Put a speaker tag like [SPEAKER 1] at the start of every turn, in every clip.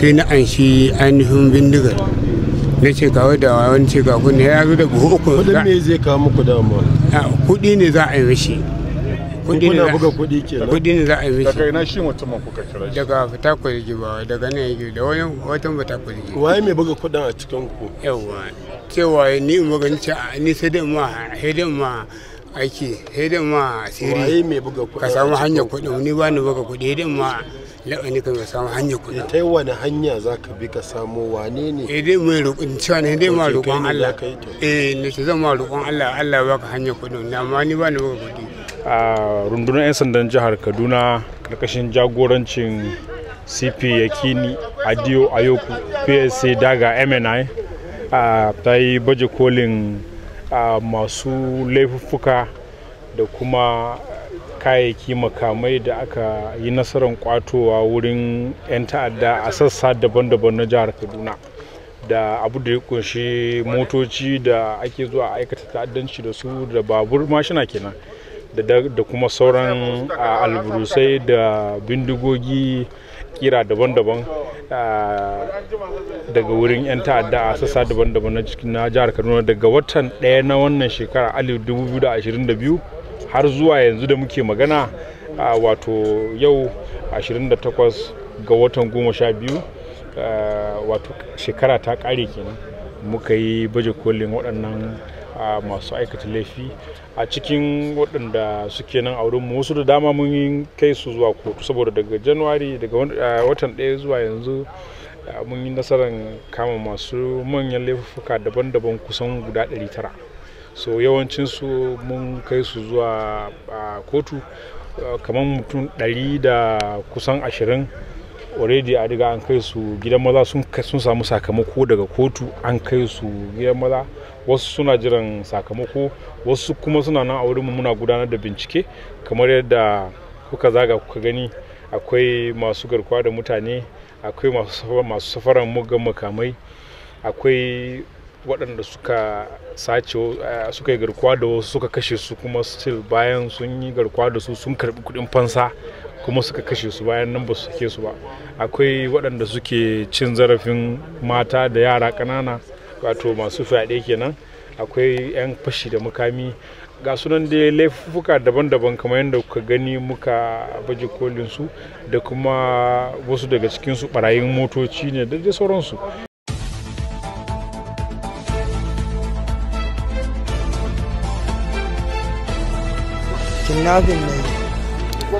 [SPEAKER 1] sai na an shi ainihin bindigar na ce kawo da wani ce ga kunne ya zo da buhu uku kudin ne zai kawo muku da amma kudi ne za a yi mishi kudi ne buga kudi
[SPEAKER 2] ke kudi ne za a yi mishi daga ina shi mutumin kuka kira shi
[SPEAKER 1] daga fita kurji ba daga nan yake da wani watan fita kurji
[SPEAKER 2] waye mai buga kudin a cikin ku
[SPEAKER 1] yawa cewa ni in buga ni sai dai ma sai dai ma aiki hidin da ma asiri ka samu hanyar kuɗi wani ba ni baka kuɗi da ma la'ani ka samu hanyar kuɗi ta wani hanya za ka bi ka samu wane ne hidin eh, mai roƙon cewa ne dai ma roƙon Allah eh ne ce zan ma roƙon Allah Allah baka hanyar kuɗi amma ni ba ni baka kuɗi
[SPEAKER 3] a rundunar 'yan sandan jihar Kaduna karkashin jagorancin CP Yakini Adio Ayoku PSC Daga MNI ta yi baje kolin masu laifuffuka da kuma kayayyaki makamai da aka yi nasarar kwatowa wurin 'yan ta'adda a sassa daban-daban na jihar kaduna da abu da ya kunshi motoci da ake zuwa aikata ta'addanci da su da babur mashina kenan da kuma sauran alburusai da bindigogi kira daban-daban daga wurin 'yan ta'adda a sassa daban-daban na cikin na jihar kaduna daga watan ɗaya na wannan shekara 2022 har zuwa yanzu da muke magana wato yau 28 ga watan 12 wato shekara ta ƙare kenan muka yi baje kolin waɗannan masu aikata laifi a cikin waɗanda suke nan a wurin wasu da dama mun yi kai su zuwa kotu saboda daga januwari daga watan ɗaya zuwa yanzu mun yi nasarar kama masu manyan laifuka daban-daban kusan guda 900 so yawancinsu mun kai su zuwa kotu kamar mutum 100 da kusan ashirin. already a riga an kai su gidan maza sun samu sakamako daga kotu an kai su gidan maza wasu suna jiran sakamako wasu kuma suna nan a wurin muna gudanar da bincike kamar yadda kuka zaga kuka gani akwai masu garkuwa da mutane akwai masu safaran mugan makamai akwai waɗanda suka sace eh, suka garkuwa da wasu suka kashe su kuma still bayan sun yi garkuwa da su sun karbi kuɗin fansa kuma suka kashe su bayan nan ba su sake su ba akwai waɗanda suke cin zarafin mata da yara ƙanana wato masu fyaɗe kenan akwai 'yan fashi da mukami ga sunan da laifuka daban-daban kamar yadda kuka gani muka baje kolin su da kuma wasu daga cikin su barayin motoci ne da dai sauransu
[SPEAKER 4] kidnapping ne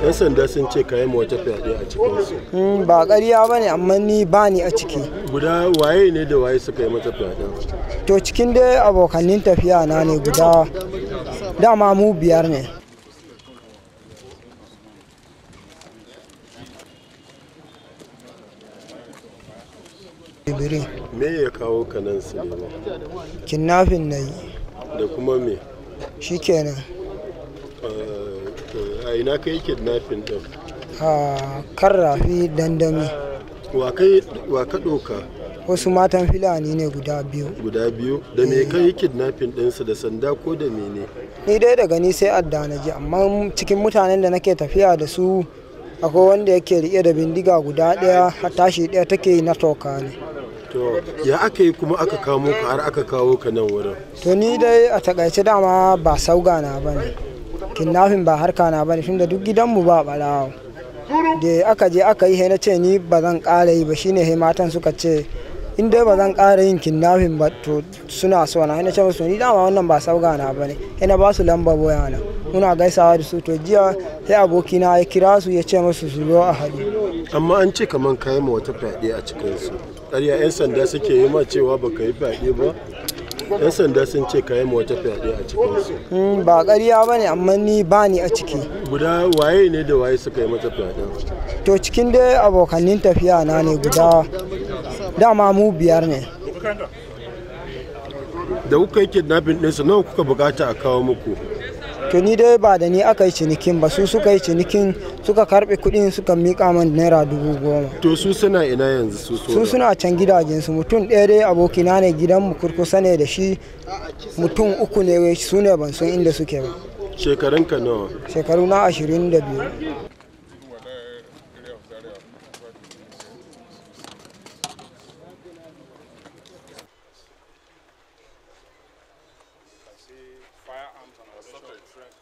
[SPEAKER 2] 'yan sanda sun ce kayan wata fyaɗe a cikin su.
[SPEAKER 4] Hmm, ba ƙarya ba ne amma ni ba ni a ciki
[SPEAKER 2] guda waye ne da waye suka yi mata fyaɗe
[SPEAKER 4] to cikin dai abokanin tafiya na ne guda dama mu biyar ne
[SPEAKER 2] me ya kawo kanan su ne
[SPEAKER 4] kinnafin na yi
[SPEAKER 2] da kuma me eh, Eh, a ina yi kidnapping din
[SPEAKER 4] a kan rafi dandami
[SPEAKER 2] wa ka ɗoka
[SPEAKER 4] wasu matan filani ne guda biyu
[SPEAKER 2] guda biyu da me eh. yi kidnapping ɗinsu da sanda ko da mene
[SPEAKER 4] ni dai daga ni sai adda na ji amma cikin mutanen da nake tafiya da su akwai wanda yake riƙe da bindiga guda ɗaya a tashi ɗaya take yi na toka ne
[SPEAKER 2] to ya aka yi kuma aka kamo ka har aka kawo ka nan wurin
[SPEAKER 4] to ni dai a takaice dama ba sauga na bane kidnapping ba harka na bane tunda duk gidan mu ba barawo da aka je aka yi na ce ni ba zan ƙara yi ba shine he matan suka ce in dai ba zan ƙara yin kidnapping ba to suna so na na ce musu ni dama wannan ba sauga na bane ina ba su lamba boya na muna gaisawa da su to jiya sai aboki na ya kira su ya ce musu su zo a hadu amma an ce kaman kayan wata
[SPEAKER 2] fyaɗe a cikin su ƙarya 'yan sanda suke yi ma cewa ka yi fyaɗe ba 'yan sanda sun ce kayan mu wata fyaɗe a cikin su.
[SPEAKER 4] Hmm, ba ƙarya ba ne amma ni ba ni a ciki guda
[SPEAKER 2] waye ne da waye suka yi mata fyaɗe
[SPEAKER 4] to cikin dai abokanin tafiya na ne guda dama mu biyar ne
[SPEAKER 2] da kuka yi kidnapping ɗinsu nawa kuka bukata a kawo muku
[SPEAKER 4] to ni dai ba da ni aka yi cinikin ba su suka yi cinikin suka karbe kuɗin suka miƙa man naira dubu goma
[SPEAKER 2] to su suna ina yanzu su su
[SPEAKER 4] suna can gidajensu mutum ɗaya dai abokina ne gidan mu kurkusa ne da shi mutum uku ne su ne ban san inda suke ba
[SPEAKER 2] shekarun ka nawa
[SPEAKER 4] shekaru na ashirin da biyu
[SPEAKER 3] Kodini firearms and
[SPEAKER 2] our separate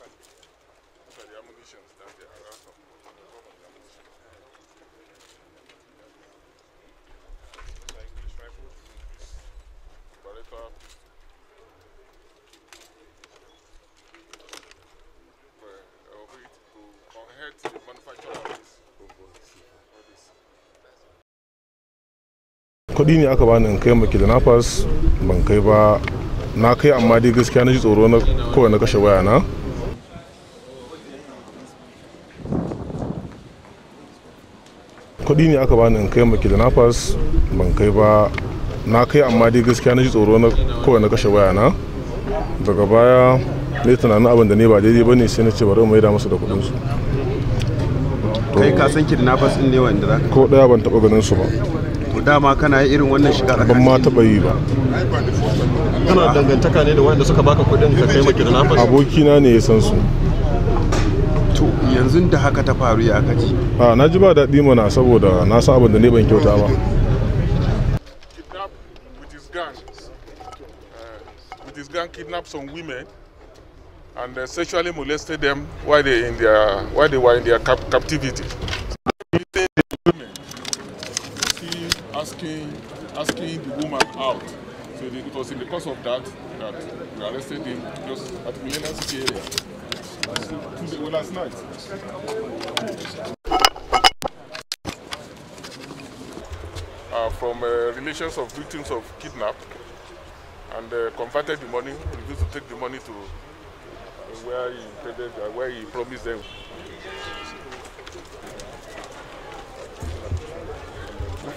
[SPEAKER 2] Those are the na kai amma dai gaskiya na ji tsoro na kowane kashe waya na kudi ne aka bani in kai maki da nafas ban kai ba na kai amma dai gaskiya na ji tsoro na kowane kashe waya na daga baya ne tunanin abin da ne ba daidai ba ne sai na ce bari mai da masu da kudin su kai ka san kidnappers din ne wanda za ko daya ban taba ganin su ba to dama kana yi irin wannan shiga ban ma taba yi ba kana dangantaka ne da wanda suka baka kudin ka kai maki da abokina ne ya san su to yanzu da haka ta faru ya aka ji a na ji ba daɗi mana saboda na san abin da ne ban kyauta ba uh, gang kidnapped some women and uh, sexually molested them while they in their while they were in their cap captivity. asking, asking the woman out. So the, it was in the course of that that we arrested him just at the Millennium City area. well, last night. Uh, from uh, relations of victims of kidnap and uh, converted the money, refused to take the money to uh, where he, uh, where he promised them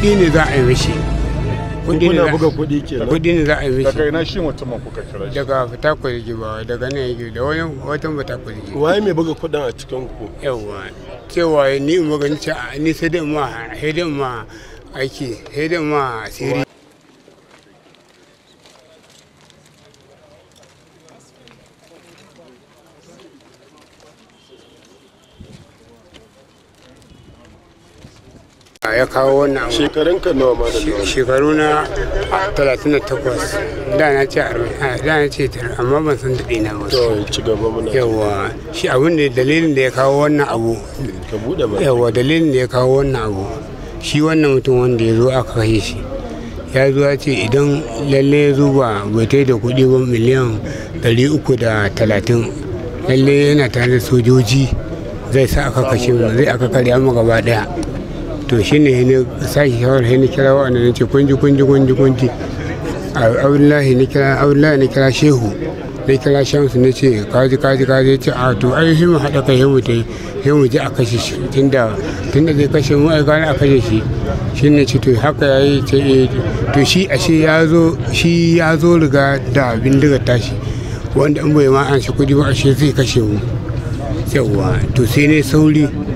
[SPEAKER 1] kuɗi ne za a yi rashi kuɗi ne buga kuɗi ke kuɗi ne za a yi rashi daga ina shi mutumin kuka kira shi daga fitakwar ba daga nan yake da wani watan fitakwar gibawa
[SPEAKER 2] waye mai buga kuɗin a cikin ku
[SPEAKER 1] yawa cewa ni in buga ni sai dai ma sai dai ma aiki sai dai ma asiri ya kawo wannan abu shekarun ka nawa malam shekaru na 38 da na ce da na ce amma ban san daɗe na ba to
[SPEAKER 2] ci gaba muna yawa
[SPEAKER 1] shi abin da dalilin da ya kawo wannan abu ka bude ba yawa dalilin da ya kawo wannan abu shi wannan mutum wanda ya zo aka kashe shi ya zo ya ce idan lalle ya zo ba bai da kuɗi ba miliyan 330 lalle yana tare da sojoji zai sa aka kashe mu zai aka karya mu gaba daya to shi ne sashi shawar ne kira wa'anda ne ce kunji kunji kunji kunji abdullahi ne kira abdullahi ne kira shehu ne kira shamsu ne ce kaji kaji kaji ce a to ai mu haɗa kai himu ta yi himu ji a kashe shi tunda tunda zai kashe mu ai gani a kashe shi shi ne ce to haka ya yi ce eh, to shi shi ya zo shi ya zo riga da bindiga tashi wanda in bai ma an shi kudi ba shi zai kashe mu yawwa to sai ne sauri